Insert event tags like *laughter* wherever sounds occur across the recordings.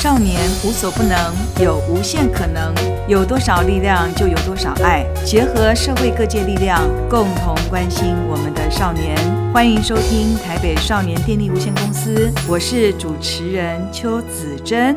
少年無所不能，有無限可能。有多少力量，就有多少愛。結合社會各界力量，共同關心我們的少年。歡迎收聽台北少年電力無限公司，我是主持人邱子珍。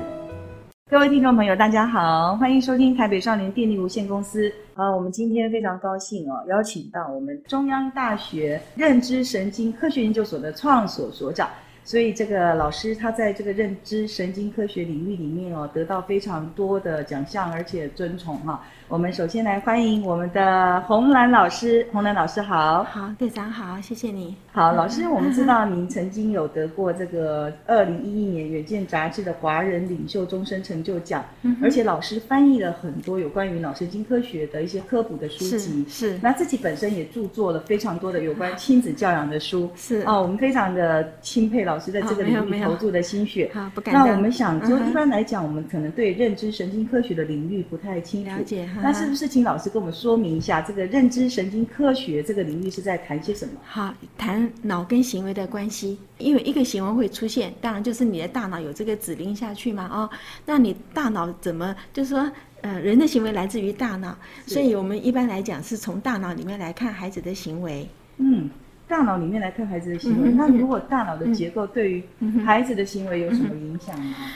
各位聽眾朋友，大家好，歡迎收聽台北少年電力無限公司。啊，我們今天非常高興哦，邀請到我們中央大學認知神經科學研究所的創所所長。所以，這個老師他在這個認知神經科學領域裡面哦，得到非常多的獎項，而且尊崇哈。我們首先來歡迎我們的洪蘭老師，洪蘭老師好，好，隊長好，謝謝你。好，老師，嗯、我們知道您曾經有得過這個二零一一年《遠見》雜誌的華人領袖終身成就獎，嗯、哼而且老師翻譯了很多有關於腦神經科學的一些科普的書籍，是，是那自己本身也著作了非常多的有關親子教養的書，是，啊、哦，我們非常的欽佩老師在這個領域投注的心血，好、哦哦，不敢。那我們想就一般來講，嗯、我們可能對認知神經科學的領域不太清楚，了解哈。嗯那是不是請老師跟我們說明一下，這個認知神經科學這個領域是在談些什麼？好，談腦跟行為的關係。因為一個行為會出現，當然就是你的大腦有這個指令下去嘛，哦，那你大腦怎麼，就是說，呃，人的行為來自於大腦，是所以我們一般來講是從大腦裡面來看孩子的行為。嗯，大腦裡面來看孩子的行為，嗯、那如果大腦的結構對於孩子的行為有什麼影響呢？嗯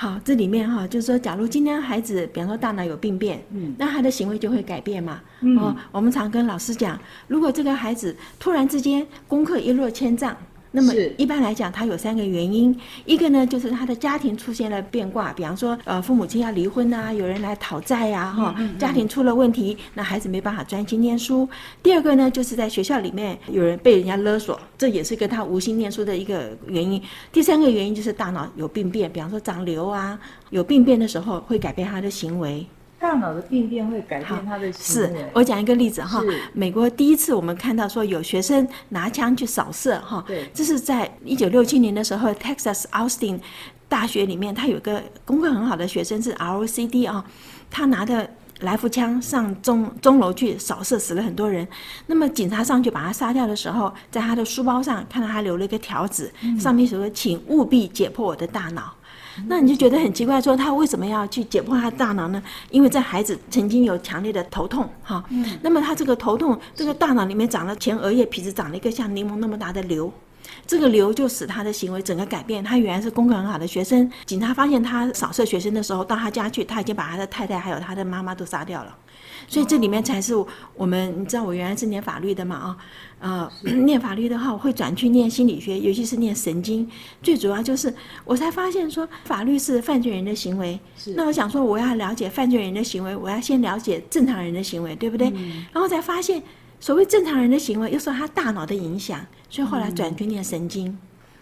好，這裡面哈、哦，就是說，假如今天孩子，比方說大腦有病變，嗯，那他的行為就會改變嘛。嗯、哦，我們常跟老師講，如果這個孩子突然之間功課一落千丈。那麼一般來講，是他有三個原因。一個呢，就是他的家庭出現了變卦，比方說，呃，父母親要離婚啊，有人來討債呀，啊、哈、哦、嗯嗯，家庭出了問題，那孩子沒辦法專心念書。第二個呢，就是在學校裡面有人被人家勒索，這也是跟他無心念書的一個原因。第三個原因就是大腦有病變，比方說長瘤啊，有病變的時候會改變他的行為。大腦的病變會改變他的心理。是，我講一個例子是哈。美國第一次我們看到說有學生拿槍去掃射哈。對這是在一九六七年的時候，嗯，Texas Austin 大學裡面，他有一個功課很好的學生是 R O C D 啊，他拿着來福槍上鐘鐘樓去掃射，死了很多人。那麼警察上去把他殺掉的時候，在他的書包上看到他留了一個條子，嗯，上面說：“請務必解剖我的大腦。”那你就覺得很奇怪，說他為什麼要去解剖他的大腦呢？因為這孩子曾經有強烈的頭痛，哈、嗯。那麼他這個頭痛，是這個大腦裡面長了前額葉皮質，長了一個像檸檬那麼大的瘤，這個瘤就使他的行為整個改變。他原來是功課很好的學生，警察發現他掃射學生的時候，到他家去，他已經把他的太太還有他的媽媽都殺掉了。所以這裡面才是我們，你知道我原來是念法律的嘛？啊、呃，是念法律的話，我會轉去念心理學，尤其是念神經。最主要就是我才發現說，法律是犯罪人的行為。是那我想說，我要了解犯罪人的行為，我要先了解正常人的行為，對不對？嗯。然後才發現，所謂正常人的行為，又受他大腦的影響。所以後來轉去念神經。嗯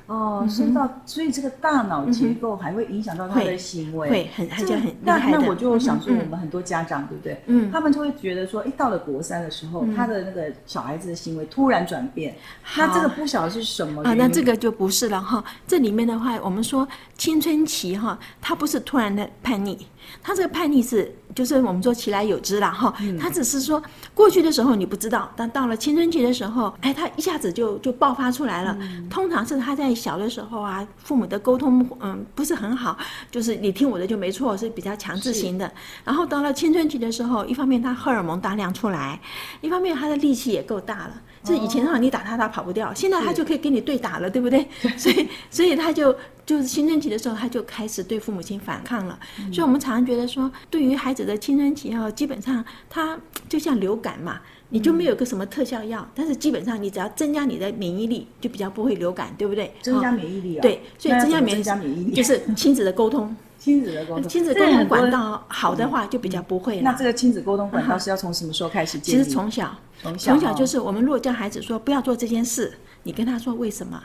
哦，所到所以這個大腦結構還會影響到他的行為，會很很就很那那我就想說，我們很多家長對不對？嗯，他們就會覺得說，一到了國三的時候，他的那個小孩子的行為突然轉變，那這個不曉得是什麼啊？那這個就不是了哈。這裡面的話，我們說青春期哈，他不是突然的叛逆，他這個叛逆是就是我們說其來有之了哈。他只是說過去的時候你不知道，但到了青春期的時候，哎，他一下子就就爆發出來了。通常是他在。小的時候啊，父母的溝通嗯不是很好，就是你聽我的就沒錯，是比較強制型的。是然後到了青春期的時候，一方面他荷爾蒙大量出來，一方面他的力氣也夠大了。這、哦、以、以前的話，你打他他跑不掉，現在他就可以跟你對打了，是對不對？所以所以他就就是青春期的時候他就開始對父母親反抗了。嗯、所以我們常常覺得說，對於孩子的青春期哦、啊，基本上他就像流感嘛。你就沒有個什麼特效藥，但是基本上你只要增加你的免疫力，就比較不會流感，對不對？增加免疫力啊、哦。對，所以增加免疫力就是親子的溝通。親子的溝通。親子溝通管道好的話，就比較不會、嗯嗯。那這個親子溝通管道是要從什麼時候開始建、嗯？其實從小，從小。從小就是，我們如果教孩子說不要做這件事，你跟他說為什麼？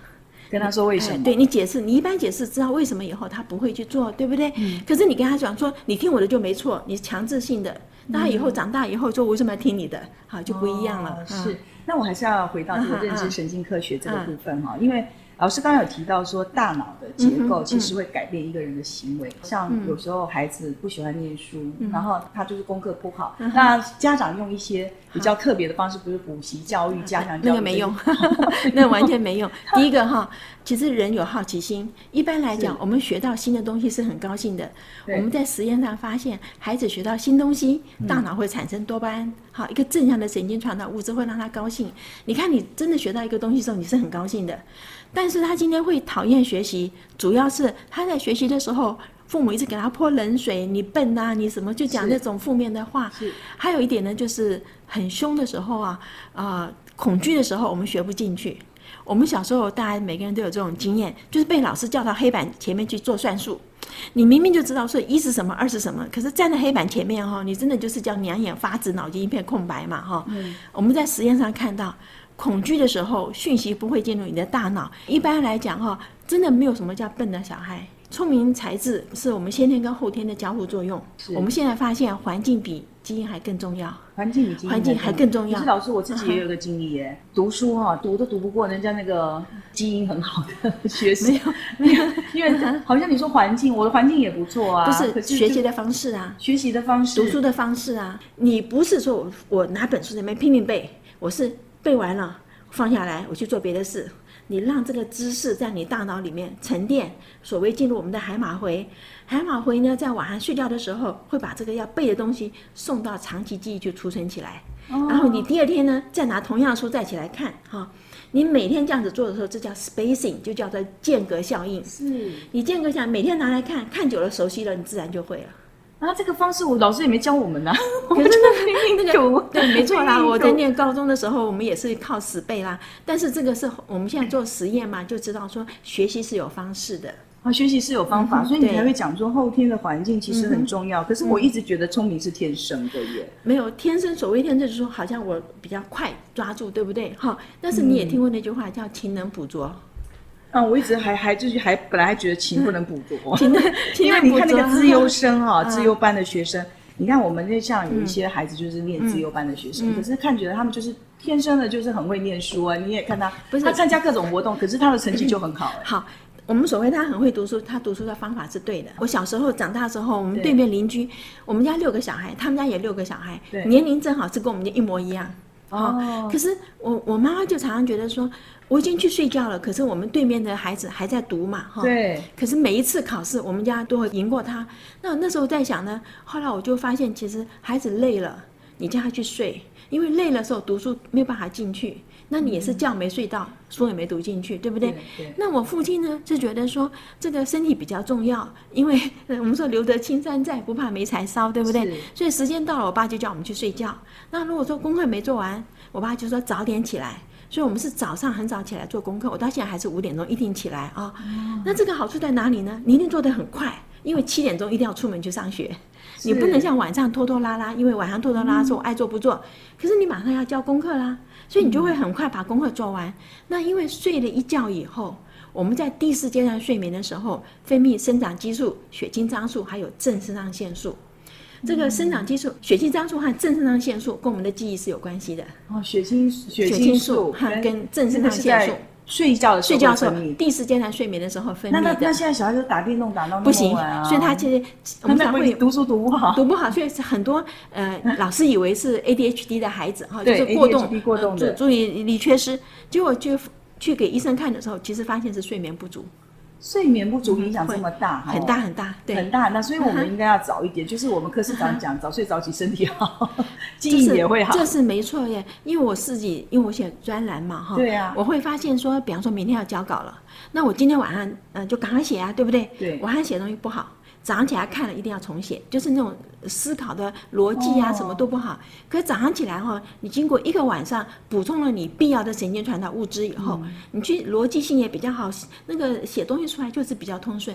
跟他說為什麼？你對你解釋，你一般解釋知道為什麼以後，他不會去做，對不對？嗯、可是你跟他講說，你聽我的就沒錯，你強制性的。那他以後長大以後就為什麼要聽你的？好，就不一樣了。是，那我還是要回到這個認知神經科學這個部分哈，因為老師剛剛有提到說，大腦的結構其實會改變一個人的行為。像有時候孩子不喜歡念書，然後他就是功課不好，那家長用一些比較特別的方式，比如補習教育、加強教育，那個沒用，那完全沒用。第一個哈。其實人有好奇心，一般來講，是我們學到新的東西是很高興的。對我們在實驗上發現，孩子學到新東西，大腦會產生多巴胺，嗯、好一個正向的神經傳導物質，會讓他高興。你看，你真的學到一個東西的時候，你是很高興的。但是他今天會討厭學習，主要是他在學習的時候，父母一直給他潑冷水，你笨啊，你什麼，就講那種負面的話。是還有一點呢，就是很凶的時候啊，啊、呃，恐懼的時候，我們學不進去。我們小時候，大家每個人都有這種經驗，就是被老師叫到黑板前面去做算術。你明明就知道說一是什麼，二是什麼，可是站在黑板前面哈，你真的就是叫兩眼發直，腦筋一片空白嘛哈。嗯。我們在實驗上看到，恐懼的時候訊息不會進入你的大腦。一般來講哈，真的沒有什麼叫笨的小孩。聰明才智是我們先天跟後天的交互作用。是我們現在發現，環境比基因還更重要。環境比基因還更，環境還更重要。是，老師，我自己也有個經歷耶，嗯、哼讀書哈、啊，讀都讀不過人家那個基因很好的學生。沒有，沒有，因為好像你說環境，嗯、哼我的環境也不錯啊。不是學習的方式啊，學習的方式，讀書的方式啊。你不是說我我拿本書在那邊拼命背，我是背完了放下來，我去做別的事。你讓這個知識在你大腦裡面沉澱，所謂進入我們的海馬回。海馬回呢，在晚上睡覺的時候，會把這個要背的東西送到長期記憶去儲存起來。哦。然後你第二天呢，再拿同樣的書再起來看哈。哦。你每天這樣子做的時候，這叫 spacing，就叫做間隔效應。是。你間隔下，每天拿來看看久了熟悉了，你自然就會了。那、啊、這個方式，我老師也沒教我們吶、啊。那個、我們真的聽聽那個，對，沒錯啦。我在念高中的時候，我們也是靠死背啦。但是這個是我們現在做實驗嘛， *laughs* 就知道說學習是有方式的。啊，學習是有方法，嗯、哼所以你才會講說後天的環境其實很重要。嗯、哼可是我一直覺得聰明是天生的耶。嗯、沒有天生所謂天生就是說好像我比較快抓住，對不對？哈、哦，但是你也聽過那句話叫“勤能補拙”。嗯，我一直還還就是還本來還覺得勤不能補拙，因為你看那個資優生啊，資優班的學生，你看我們就像有一些孩子就是念資優班的學生，可是看覺得他們就是天生的，就是很會念書啊。你也看他，他參加各種活動，可是他的成績就很好。好，我們所謂他很會讀書，他讀書的方法是對的。我小時候長大之後，我們對面鄰居，我們家六個小孩，他們家也六個小孩，年齡正好是跟我們家一模一樣。哦，可是我我媽媽就常常覺得說。我已經去睡覺了，可是我們對面的孩子還在讀嘛，哈。對。可是每一次考試，我們家都會贏過他。那那時候在想呢，後來我就發現，其實孩子累了，你叫他去睡，因為累的時候讀書沒有辦法進去，那你也是覺沒睡到，嗯、書也沒讀進去，對不對？對，對。那我父親呢，就覺得說這個身體比較重要，因為我們說留得青山在，不怕沒柴燒，對不對？是。所以時間到了，我爸就叫我們去睡覺。那如果說功課沒做完，我爸就說早點起來。所以，我們是早上很早起來做功課。我到現在還是五點鐘一定起來啊。哦嗯、那這個好處在哪裡呢？你一定做得很快，因為七點鐘一定要出門去上學，是你不能像晚上拖拖拉拉，因為晚上拖拖拉拉說我愛做不做，嗯、可是你馬上要交功課啦，所以你就會很快把功課做完。嗯、那因為睡了一覺以後，我們在第四階段睡眠的時候，分泌生長激素、血清張素還有正腎上腺素。這個生長激素、嗯、血清素和正腎上腺素跟我們的記憶是有關係的。哦，血清血清素，血清素和跟正腎上腺素。在在睡覺的時候睡覺的時候，第一時間段睡眠的時候分泌。那那，那現在小孩子打電動打到那麼、啊、不行，所以他其實、嗯、我才會讀書讀不好。讀不好，所以很多呃老師以為是 ADHD 的孩子哈、 *laughs* 哦，就是過動，注、呃、注意力缺失。結果就去給醫生看的時候，其實發現是睡眠不足。睡眠不足影響這麼大？嗯會，很大很大，對，很大那，所以我們應該要早一點。哈哈，就是我們科室長講，早睡早起身體好，記憶也會好。這是，這是沒錯耶，因為我自己，因為我寫專欄嘛，哈，對啊，我會發現說，比方說明天要交稿了，那我今天晚上，嗯、呃，就趕快寫啊，對不對？對，晚上寫東西不好。早上起來看了，一定要重寫，就是那種思考的邏輯呀、啊，哦、什麼都不好。可是早上起來哈，你經過一個晚上補充了你必要的神經傳導物質以後，嗯、你去邏輯性也比較好，那個寫東西出來就是比較通順。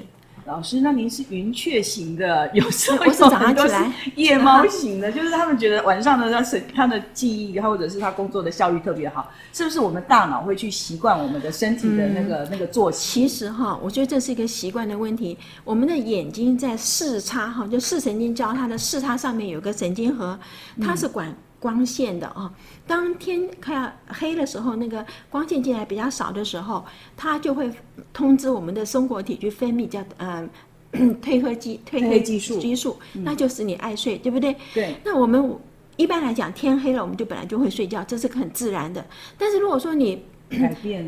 老師，那您是雲雀型的，有時候有是種早上起來夜貓型的。哎、我是就是他們覺得晚上的他神他的記憶，或者是他工作的效率特別好，是不是我們大腦會去習慣我們的身體的那個、嗯、那個作息？其實哈，我覺得這是一個習慣的問題。我們的眼睛在視差哈，就視神經交叉它的視差上面有個神經核，它是管。嗯光線的啊、哦，當天快要黑的時候，那個光線進來比較少的時候，它就會通知我們的松果體去分泌叫嗯褪黑激褪黑激素激素，那就是你愛睡，對不對？對。那我們一般來講，天黑了我們就本來就會睡覺，這是很自然的。但是如果說你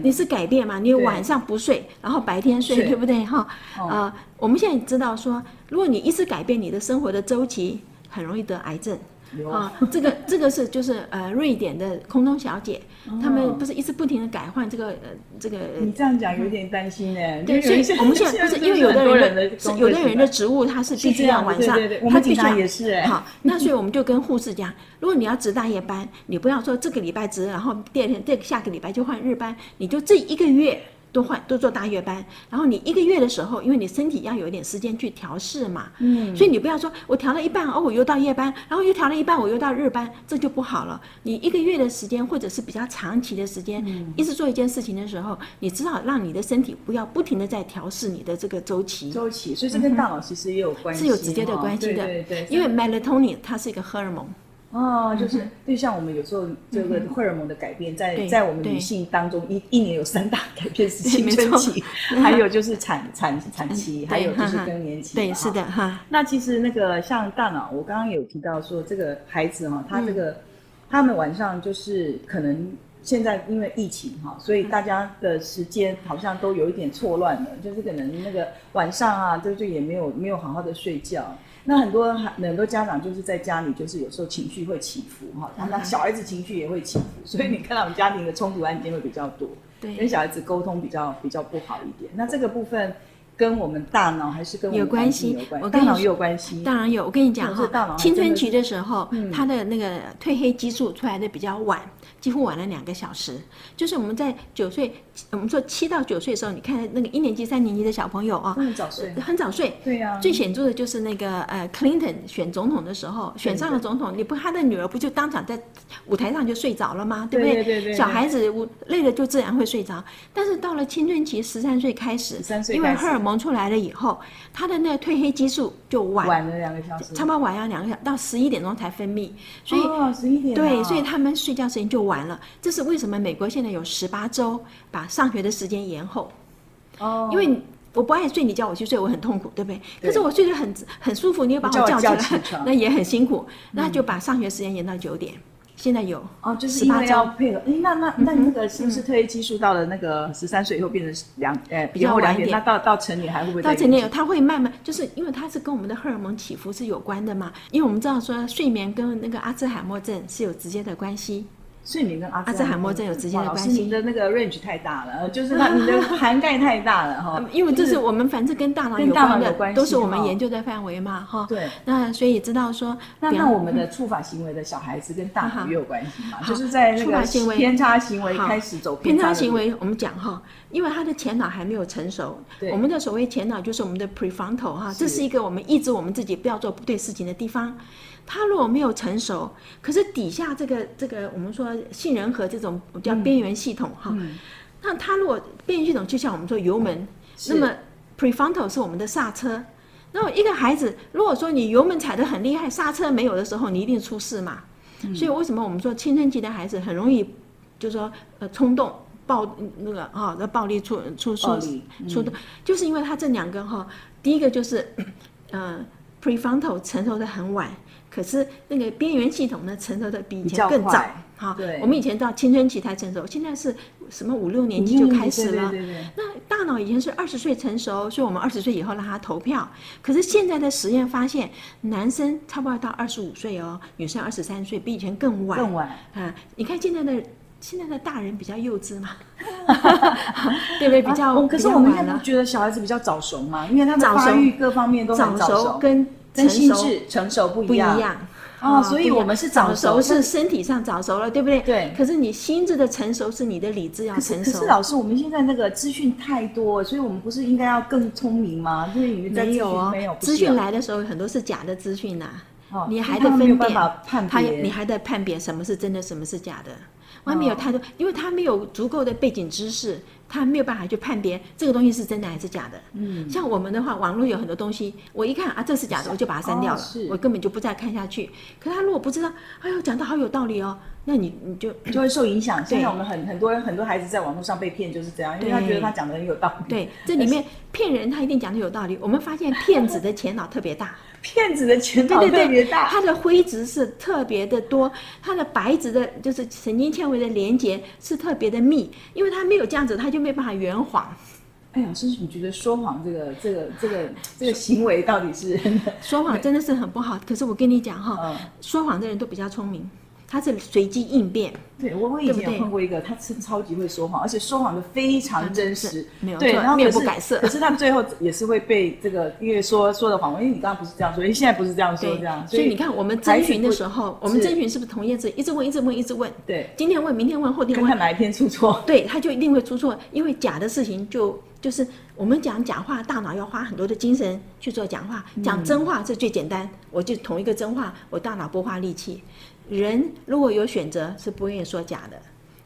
你是改變嘛？你晚上不睡，對然後白天睡，對,對不對？哈啊，我們現在知道說，如果你一直改變你的生活的周期，很容易得癌症。啊，這個這個是就是呃，瑞典的空中小姐，哦、他們不是一直不停的改換這個呃這個。這個、你這樣講有點擔心嘞。嗯、對，以是所以我們現在不是因為有的人的，是，人的是有的人的職務他是必須要晚上，他必須要好，那所以我們就跟護士講，如果你要值大夜班，你不要說這個禮拜值，然後第二天、第、這個、下個禮拜就換日班，你就這一個月。都換都做大夜班，然後你一個月的時候，因為你身體要有一點時間去調試嘛，嗯，所以你不要說我調了一半，哦，我又到夜班，然後又調了一半，我又到日班，這就不好了。你一個月的時間或者是比較長期的時間，嗯、一直做一件事情的時候，你知道讓你的身體不要不停的在調試你的這個周期。周期，所以這跟大腦其實也有關係，是有直接的關係的。哦、對，對對，因為 melatonin 它是一個荷爾蒙。哦，就是就、嗯、哼像我們有時候這個荷爾蒙的改變，在在我們女性當中，嗯、哼一一年有三大改變是青春期，還有就是產產產期，對還有就是更年期哈哈。對，是的。哈，那其實那個像大腦，我剛剛也有提到說這個孩子哈，他這個、嗯、他們晚上就是可能。現在因為疫情哈，所以大家的時間好像都有一點錯亂了，就是可能那個晚上啊，就就是、也沒有沒有好好的睡覺。那很多很多家長就是在家裡，就是有時候情緒會起伏哈，那小孩子情緒也會起伏，所以你看到我們家庭的衝突案件會比較多，對，跟小孩子溝通比較比較不好一點。那這個部分。跟我們大腦還是跟我有，關有，關有關係，我跟大腦也有關係。當然有，我跟你講哈，青春期的時候，他、嗯、的那個褪黑激素出來的比較晚，幾乎晚了兩個小時，就是我們在九歲。我們說七到九歲的時候，你看那個一年級、三年級的小朋友啊，很早睡、呃，很早睡。對呀、啊。最顯著的就是那個呃，Clinton 選總統的時候，對對對選上了總統，你不他的女兒不就當場在舞台上就睡着了嗎？對不對？對對，對，對，對小孩子累了就自然會睡着，但是到了青春期，十三歲開始，開始因為荷爾蒙出來了以後，他的那個褪黑激素就晚，晚了兩個小時，差不多晚要兩個小到十一點鐘才分泌，所以、哦、十一點對，所以他們睡覺時間就晚了。這是為什麼？美國現在有十八周把。上學的時間延後，哦，因為我不愛睡，你叫我去睡，我很痛苦，對不對？可是我睡得很很舒服，你又把我叫起來，我叫我叫起那也很辛苦。嗯、那就把上學時間延到九點。現在有哦，就是因為要配合。嗯哼欸、那那那那個是不是褪黑激素到了那個十三歲以後變成兩？呃、嗯嗯欸、比較晚一點。那到到成年還會不會？到成年有，他會慢慢，就是因為他是跟我們的荷爾蒙起伏是有關的嘛。因為我們知道說睡眠跟那個阿茲海默症是有直接的關係。睡眠跟阿茲海默症有直接的關係。你的那個 range 太大了，就是那你的涵蓋太大了哈。因為這是我們凡是跟大腦有關的，都是我們研究的範圍嘛哈。對。那所以知道說，那那我們的觸法行為的小孩子跟大腦也有關係嘛，就是在那個偏差行為開始走偏差行為，我們講哈。因為他的前腦還沒有成熟，對我們的所謂前腦就是我們的 prefrontal 哈，這是一個我們抑制我們自己不要做不對事情的地方。是他如果沒有成熟，可是底下這個這個我們說杏仁核這種叫邊緣系統哈，那、嗯、他如果邊緣系統就像我們說油門，嗯、那麼 prefrontal 是我們的剎車。那麼一個孩子如果說你油門踩得很厲害，剎車沒有的時候，你一定出事嘛。嗯、所以為什麼我們說青春期的孩子很容易，就是、說呃衝動。暴那個哈，那、哦、暴力出出 All 出出的，嗯、就是因為他這兩個哈，第一個就是，嗯、呃、，prefrontal 成熟得很晚，可是那個邊緣系統呢成熟得比以前更早，哈，哦、對，我們以前到青春期才成熟，現在是什麼五六年級就開始了，那大腦以前是二十歲成熟，所以我們二十歲以後讓他投票，可是現在的實驗發現，男生差不多到二十五歲哦，女生二十三歲，比以前更晚，更晚啊、呃，你看現在的。現在的大人比較幼稚嘛，對不對？比較，可是我們現在不覺得小孩子比較早熟嘛，因為他們發育各方面都早熟，跟心智成熟不一樣啊。所以我們是早熟，是身體上早熟了，對不對？對。可是你心智的成熟是你的理智要成熟。可是老師，我們現在那個資訊太多，所以我們不是應該要更聰明嗎？沒有啊，沒有。資訊來的時候很多是假的資訊吶，你還得分辨，你還在判別什麼是真的，什麼是假的。外面有太多，oh. 因為他沒有足夠的背景知識，他沒有辦法去判別這個東西是真的還是假的。嗯，mm. 像我們的話，網絡有很多東西，我一看啊，這是假的，我就把它刪掉了，oh, 是我根本就不再看下去。可他如果不知道，哎呦，講的好有道理哦。那你你就就會受影響。對現在我們很很多人很多孩子在網絡上被騙，就是這樣，對因為他覺得他講的很有道理。對，這裡面是騙人他一定講的有道理。我們發現騙子的前腦特別大， *laughs* 騙子的前腦特別大對對對，他的灰質是特別的多， *laughs* 他的白質的，就是神經纖維的連接是特別的密，因為他沒有這樣子，他就沒辦法圓謊。哎呀，甚至你覺得說謊這個這個這個這個行為到底是？說， *laughs* 對說謊真的是很不好。可是我跟你講哈、哦，嗯、說謊的人都比較聰明。他是隨機應變，對，我我以前有碰過一個，對對，他是超級會說謊，而且說謊得非常真實，嗯嗯、沒有對，然後面不改色。可是他們最後也是會被這個，因為說說的謊，因為你剛剛不是這樣說，因為你現在不是這樣說這樣。對，所以，所以你看，我們徵詢的時候，我們徵詢是不是同樣是一直問，一直問，一直問？對，今天問，明天問，後天問，他哪一天出錯？對，他就一定會出錯，因為假的事情就就是。我們講假話，大腦要花很多的精神去做講話。講真話是最簡單，我就同一個真話，我大腦不花力氣。人如果有選擇，是不願意說假的。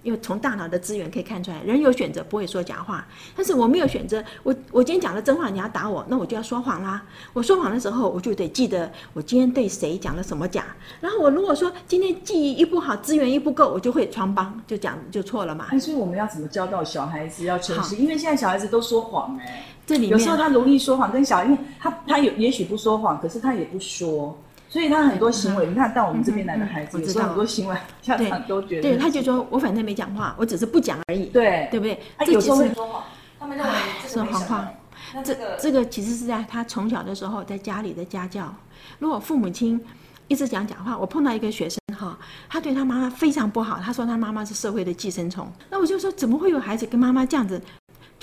因為從大腦的資源可以看出來，人有選擇，不會說假話。但是我沒有選擇，我我今天講了真話，你要打我，那我就要說謊啦、啊。我說謊的時候，我就得記得我今天對誰講了什麼假。然後我如果說今天記憶一不好，資源一不夠，我就會穿幫，就講就錯了嘛、哎。所以我們要怎麼教導小孩子要誠實？好因為現在小孩子都說謊、欸、這裡面有時候他容易說謊，跟小孩因為他他有也許不說謊，可是他也不說。所以他很多行為，嗯、你看到我們這邊來的孩子，很多行為家長、嗯嗯、都覺得對，對他就說，我反正沒講話，我只是不講而已，對對不對？他、啊、有時候會說他們唉這是謊話。這這個其實是在他從小的時候在家裡的家教。如果父母親一直講假話，我碰到一個學生哈，他對他媽媽非常不好，他說他媽媽是社會的寄生蟲。那我就說，怎麼會有孩子跟媽媽這樣子？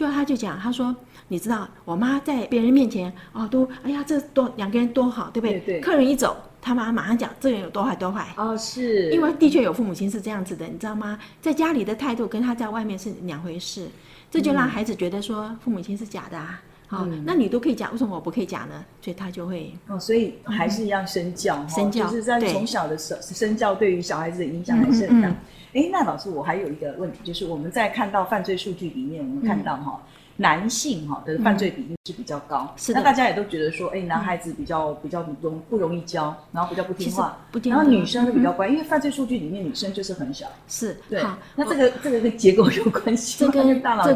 就他就講，他說，你知道我媽在別人面前哦，都哎呀，這多兩個人多好，對不對？對對，客人一走，他媽馬上講這個人有多壞多壞哦。是，因為的確有父母親是這樣子的，你知道嗎？在家裡的態度跟他在外面是兩回事，這就讓孩子覺得說父母親是假的啊。好，那你都可以講，為什麼我不可以講呢？所以他就會哦，所以還是一樣身教，身教就是在從小的時候，身對教對於小孩子的影響還是很大。嗯嗯嗯哎，那老師，我還有一個問題，就是我們在看到犯罪數據裡面，我們看到哈，男性哈的犯罪比例是比較高。是的。那大家也都覺得說，誒，男孩子比較比較容不容易教，然後比較不聽話。不聽。然後女生會比較乖，因為犯罪數據裡面女生就是很少。是。對。那這個這個跟結構有關係嗎？這跟這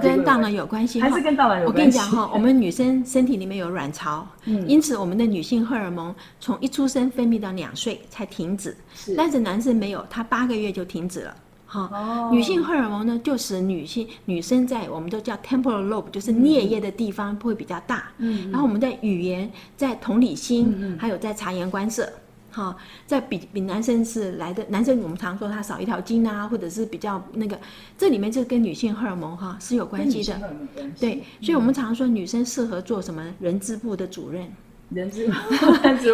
跟大腦有關係嗎？還是跟大腦有關？我跟你講哈，我們女生身體裡面有卵巢，嗯，因此我們的女性荷爾蒙從一出生分泌到兩歲才停止。是。但是男生沒有，他八個月就停止了。哦，女性荷爾蒙呢，就是女性女生在我們都叫 temporal lobe，、嗯、就是顳葉的地方會比較大。嗯，然後我們在語言、在同理心，嗯嗯、還有在察言觀色，哈、哦，在比比男生是來的。男生我們常說他少一條筋啊，或者是比較那個，這裡面就跟女性荷爾蒙哈、哦、是有關係的。對，嗯、所以我們常說女生適合做什麼人資部的主任。人事嘛，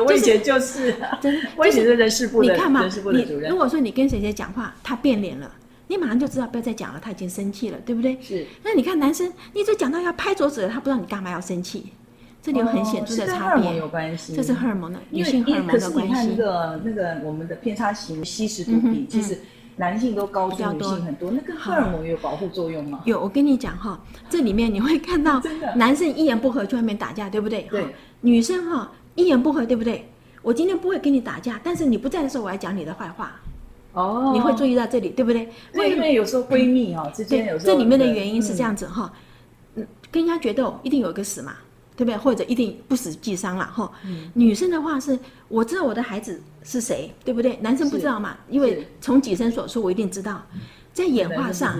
我以前就是，威脅、 *laughs* 就是就是、前就是人事部的，人事部的主任、就是、你看嘛，你如果說你跟誰誰講話，他變臉了，你馬上就知道不要再講了，他已經生氣了，對不對？是。那你看男生，你就講到要拍桌子了，他不知道你幹嘛要生氣，這裡有很顯著的差別，哦、有關係，這是荷爾蒙的，為女性荷爾蒙的關係。那個那個我們的偏差型吸食毒品，西嗯嗯、其實。男性都高出女性很多，多那個荷爾蒙有保護作用嗎、嗯？有，我跟你講哈，這裡面你會看到，男生一言不合就外面打架， *laughs* 對不對？對。女生哈，一言不合，對不對？我今天不會跟你打架，但是你不在的時候，我要講你的壞話。哦。你會注意到這裡，對不對？對有為什麼有時候閨蜜哦、嗯啊、之間有時候？對。這裡面的原因是這樣子哈，嗯，跟人家決鬥，一定有一個死嘛。對不對？或者一定不死即生了哈。吼嗯、女生的話是，我知道我的孩子是誰，對不對？男生不知道嘛，是因為從己身所說，我一定知道。在演化上，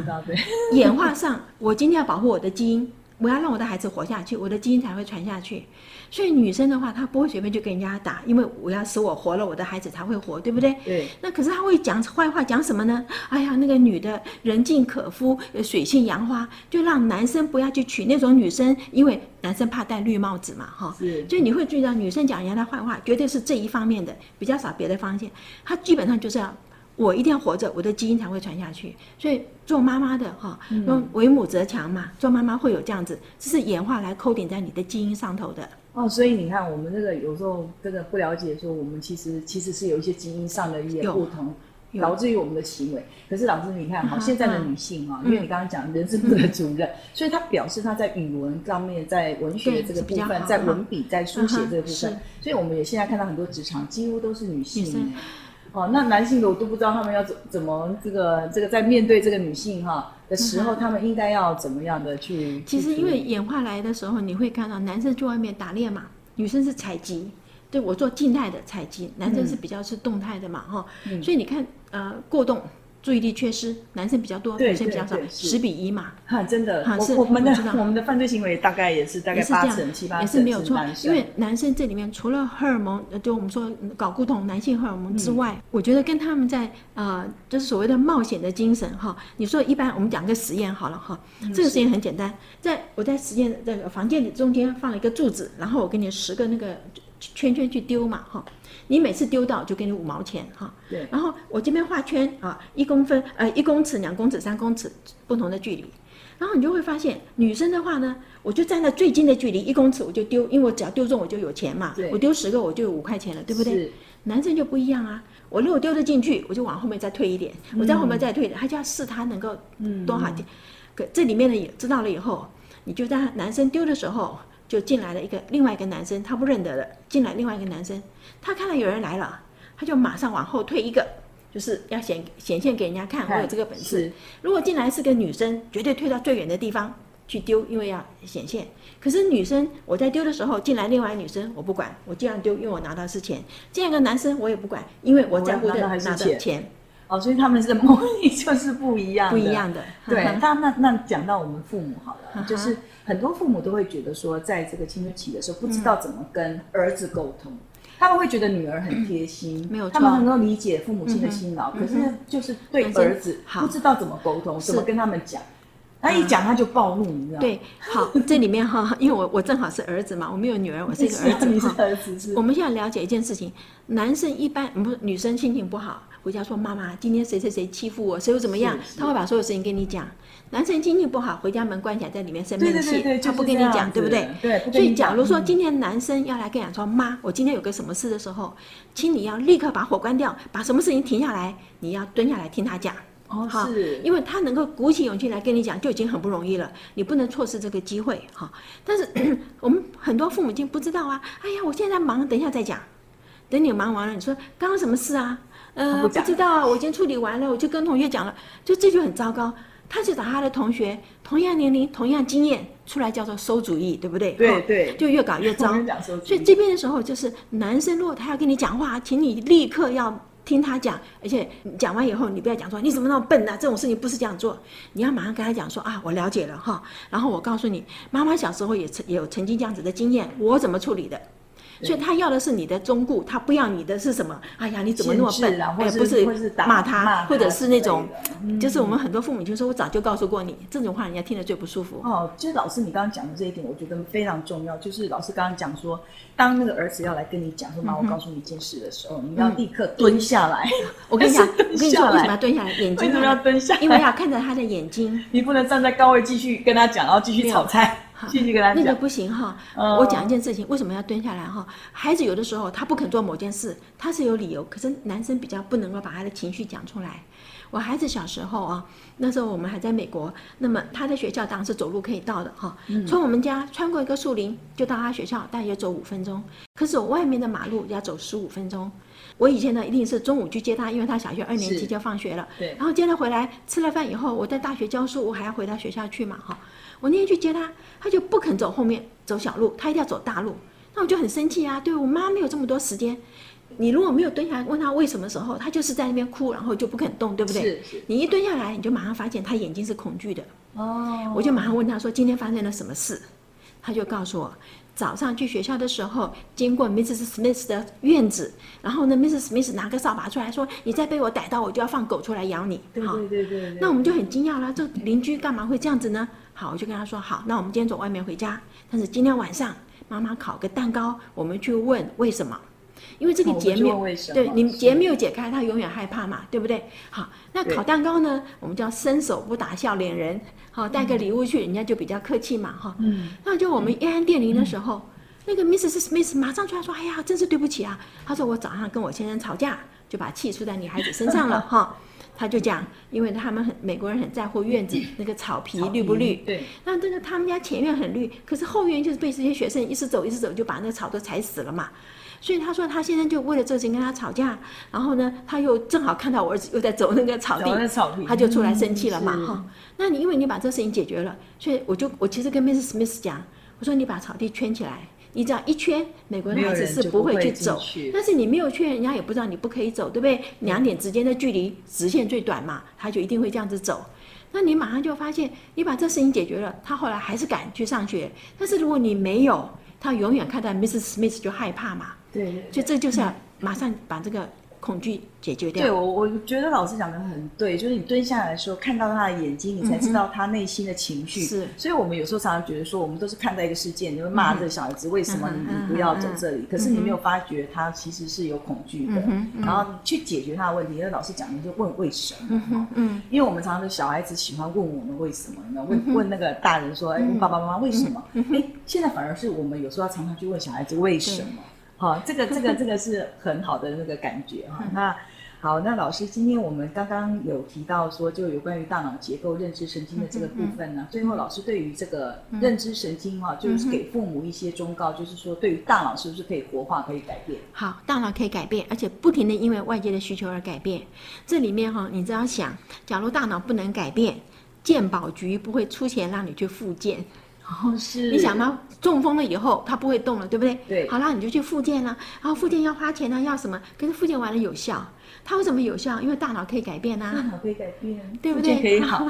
演化上，我今天要保護我的基因。我要讓我的孩子活下去，我的基因才會傳下去。所以女生的話，她不會隨便就跟人家打，因為我要使我活了，我的孩子才會活，對不對？嗯、對。那可是她會講壞話，講什麼呢？哎呀，那個女的，人盡可夫，水性楊花，就讓男生不要去娶那種女生，因為男生怕戴綠帽子嘛，哈、哦。是。所以你會注意到，女生講人家的壞話，絕對是這一方面的比較少，別的方面，她基本上就是這樣。我一定要活着，我的基因才會傳下去。所以做媽媽的哈，嗯，為母則強嘛，做媽媽會有這樣子，這是演化來扣點在你的基因上頭的。哦，所以你看，我們這個有時候真的不了解，說我們其實其實是有一些基因上的一些不同，導致於我們的行為。可是老師，你看，好、uh huh, 現在的女性啊，uh huh. 因為你剛剛講人事部的主任，uh huh. 所以他表示他在語文上面，在文學的這個部分，在文筆，在書寫這個部分，uh、huh, 所以我們也現在看到很多職場幾乎都是女性。女哦，那男性的我都不知道他們要怎怎麼這個這個在面對這個女性哈的時候，他們應該要怎麼樣的去？嗯、其實因為演化來的時候，你會看到男生去外面打獵嘛，女生是採集，對我做靜態的採集，男生是比較是動態的嘛，哈、嗯哦，所以你看，呃，過動。注意力缺失，男生比較多，對對對，女生比較少，是十比一嘛。哈、啊，真的，哈、啊、是我，我們的們知道我們的犯罪行為大概也是大概八成也七八成是，也是沒有錯。因為男生這裡面除了荷爾蒙，就我們說睪固酮男性荷爾蒙之外，嗯、我覺得跟他們在呃，就是所謂的冒險的精神哈。你說一般我們講個實驗好了哈，嗯、這個實驗很簡單，在我在實驗這個房間裡中間放了一個柱子，然後我給你十個那個圈圈去丟嘛哈。你每次丟到就給你五毛錢哈，啊、對然後我這邊畫圈啊，一公分，呃，一公尺，兩公尺，三公尺不同的距離，然後你就會發現，女生的話呢，我就站在最近的距離，一公尺我就丟，因為我只要丟中我就有錢嘛，對我丟十個我就有五塊錢了，對不對？是男生就不一樣啊，我如果丟得進去，我就往後面再退一點，嗯、我在後面再退的，他就要試他能夠多少錢。嗯、可這裡面呢，也知道了以後，你就在男生丟的時候。就進來了一個另外一個男生，他不認得了。進來另外一個男生，他看到有人來了，他就馬上往後退一個，嗯、就是要顯顯現給人家看，看我有這個本事。是如果進來是個女生，絕對退到最遠的地方去丟，因為要顯現。可是女生，我在丟的時候進來另外一個女生，我不管，我盡量丟，因為我拿到是錢。進來一個男生我也不管，因為我在乎的是錢。哦，所以他們是母女，就是不一樣，不一樣的。對，那那那講到我們父母好了，就是很多父母都會覺得說，在這個青春期的時候，不知道怎麼跟兒子溝通。他們會覺得女兒很貼心，沒有錯，他們能夠理解父母親的辛勞，可是就是對兒子，不知道怎麼溝通，怎麼跟他們講。他一講他就暴怒，你知道嗎？對，好，這裡面哈，因為我我正好是兒子嘛，我沒有女兒，我是一個兒子。你是兒子。我們現在了解一件事情：男生一般不女生心情不好。回家說，媽媽，今天誰誰誰欺負我，誰又怎麼樣？是是，他會把所有事情跟你講。男生心情不好，回家門關起來，在裡面生悶氣，對對對對，他不跟你講，對不對？對，不跟你講，所以，假如說、嗯、今天男生要來跟你講說，說媽，我今天有個什麼事的時候，請你要立刻把火關掉，把什麼事情停下來，你要蹲下來聽他講。哦，是。因為他能夠鼓起勇氣來跟你講，就已經很不容易了，你不能錯失這個機會，哈。但是 *coughs* 我們很多父母親不知道啊，哎呀，我現在忙，等一下再講。等你忙完了，你說剛剛什麼事啊？呃，不，不知道啊，我已經處理完了，我就跟同學講了，就這就很糟糕。他去找他的同學，同樣年齡、同樣經驗出來，叫做餿主意，對不對？對對，就越搞越糟。所以這邊的時候，就是男生如果他要跟你講話，請你立刻要聽他講，而且講完以後，你不要講說你怎麼那麼笨呢、啊？這種事情不是這樣做，你要馬上跟他講說啊，我了解了哈，然後我告訴你，媽媽小時候也也有曾經這樣子的經驗，我怎麼處理的。所以他要的是你的忠告，他不要你的是什麼？哎呀，你怎麼那麼笨？或不是罵他，或者是那種，就是我們很多父母就說，我早就告訴過你，這種話人家聽得最不舒服。哦，其實老師你剛剛講的這一點，我覺得非常重要。就是老師剛剛講說，當那個兒子要來跟你講說媽，我告訴你一件事的時候，你要立刻蹲下來。我跟你講，我跟你說為什麼要蹲下來，眼睛都要蹲下，因為要看着他的眼睛。你不能站在高位繼續跟他講，然後繼續炒菜。好繼續給他講。那個不行哈，哦、我講一件事情，為什麼要蹲下來哈？孩子有的時候他不肯做某件事，他是有理由，可是男生比較不能夠把他的情緒講出來。我孩子小時候啊，那時候我們還在美國，那麼他在學校當時走路可以到的哈，從我們家穿過一個樹林就到他學校，大約走五分鐘，可是我外面的馬路要走十五分鐘。我以前呢，一定是中午去接他，因為他小學二年級就放學了。對，然後接他回來，吃了飯以後，我在大學教書，我還要回到學校去嘛，哈。我那天去接他，他就不肯走後面，走小路，他一定要走大路。那我就很生氣啊，對，我媽沒有這麼多時間。你如果沒有蹲下來問他為什麼的時候，他就是在那邊哭，然後就不肯動，對不對？是是。你一蹲下來，你就馬上發現他眼睛是恐懼的。哦。我就馬上問他說，今天發生了什麼事，他就告訴我。早上去學校的時候，經過 Mrs. Smith 的院子，然後呢，Mrs. Smith 拿個掃把出來說：“你再被我逮到，我就要放狗出來咬你。”對對對對,對,對,對、哦。那我們就很驚訝了，這鄰居幹嘛會這樣子呢？好，我就跟他說：“好，那我們今天走外面回家，但是今天晚上媽媽烤個蛋糕，我們去問為什麼？因為這個結沒有對，你結沒有解開，他的永遠害怕嘛，對不對？好，那烤蛋糕呢，對我們叫伸手不打笑臉人。”好，帶個禮物去，嗯、人家就比較客氣嘛，哈。嗯。那就我們一按電鈴的時候，嗯、那個 Mrs. Smith，馬上出來說：“嗯、哎呀，真是對不起啊！”他說：“我早上跟我先生吵架，就把氣出在女孩子身上了，嗯、哈。”他就講，因為他們很美國人很在乎院子、嗯、那個草皮綠不綠？對。那但是他們家前院很綠，可是後院就是被這些學生一直走一直走，就把那個草都踩死了嘛。所以他說他現在就為了這事情跟他吵架，然後呢，他又正好看到我兒子又在走那個草地，草，他就出來生氣了嘛，哈、嗯哦。那你因為你把這事情解決了，所以我就我其實跟 Mrs. Smith 講，我說你把草地圈起來，你只要一圈，美國的孩子是不會去走。去但是你沒有圈，人家也不知道你不可以走，對不對？嗯、兩點之間的距離直線最短嘛，他就一定會這樣子走。那你馬上就發現你把這事情解決了，他後來還是敢去上學。但是如果你沒有，他永遠看到 Mrs. Smith 就害怕嘛。對，對，對，就這就是要馬上把這個恐懼解決掉。嗯、對我，我覺得老師講的很對，就是你蹲下來說，看到他的眼睛，你才知道他內心的情緒。嗯、哼是，所以我們有時候常常覺得說，我們都是看待一個事件，你會罵這個小孩子為什麼你你不要走這裡，嗯嗯嗯嗯、可是你沒有發覺他其實是有恐懼的。嗯嗯、然後去解決他的問題，那老師講的就是問為什麼。嗯，嗯因為我們常常的小孩子喜歡問我們為什麼，那問、嗯、哼問那個大人說，嗯、哼哎，爸爸媽媽為什麼？嗯嗯、哎，現在反而是我們有時候要常常去問小孩子為什麼。好、這個，這個這個這個是很好的那個感覺哈。 *laughs* 那好，那老師，今天我們剛剛有提到說，就有關於大腦結構、認知神經的這個部分呢、啊。嗯嗯嗯、最後，老師對於這個認知神經哈、啊，嗯、就是給父母一些忠告，嗯嗯、就是說，對於大腦是不是可以活化、可以改變？好，大腦可以改變，而且不停地因為外界的需求而改變。這裡面哈、哦，你只要想，假如大腦不能改變，健保局不會出錢讓你去復健。然後是你想嗎？中風了以後，他不會動了，對不對？對。好了，你就去復健了，然後復健要花錢呢，要什麼？可是復健完了有效，他為什麼有效？因為大腦可以改變啊。大腦可以改變，對不對？復健可以好。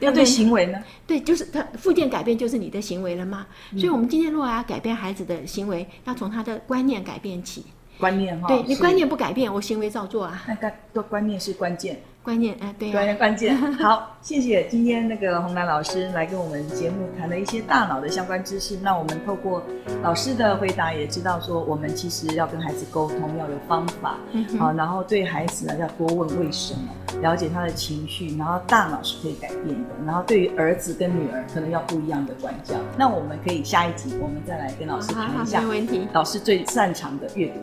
要對行為呢？對，就是他復健改變，就是你的行為了嗎？所以我們今天如果要改變孩子的行為，要從他的觀念改變起。觀念哈？對，你觀念不改變，我行為照做啊。那他的觀念是關鍵。關鍵哎、欸，對呀、啊，關鍵關鍵。好，謝謝今天那個洪蘭老師來跟我們節目談了一些大腦的相關知識。那我們透過老師的回答，也知道說我們其實要跟孩子溝通要有方法，好、啊，然後對孩子呢要多問為什麼，了解他的情緒，然後大腦是可以改變的。然後對於兒子跟女兒可能要不一樣的管教。那我們可以下一集我們再來跟老師談一下好，沒問題。老師最擅長的閱讀。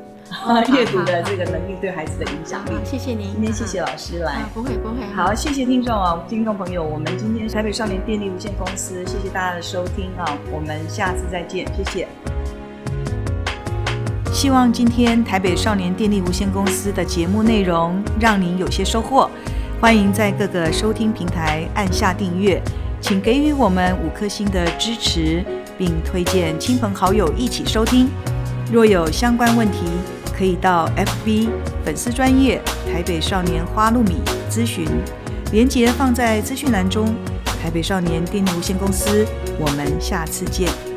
閱讀、oh, 的這個能力對孩子的影響力。謝謝您，今天謝謝老師來。不會不會。不會好，好，謝謝聽眾啊，聽眾朋友，我們今天台北少年電力無限公司，謝謝大家的收聽啊，我們下次再見，謝謝。希望今天台北少年電力無限公司的節目內容讓您有些收穫，歡迎在各個收聽平台按下訂閱，請給予我們五顆星的支持，並推薦親朋好友一起收聽。若有相關問題。可以到 FB 粉絲專頁台北少年花露米諮詢，鏈接放在資訊欄中。台北少年電力無限公司，我們下次見。